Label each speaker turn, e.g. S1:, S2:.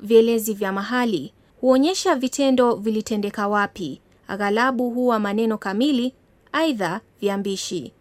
S1: Vielezi vya mahali huonyesha vitendo vilitendeka wapi. Aghalabu huwa maneno kamili, aidha viambishi.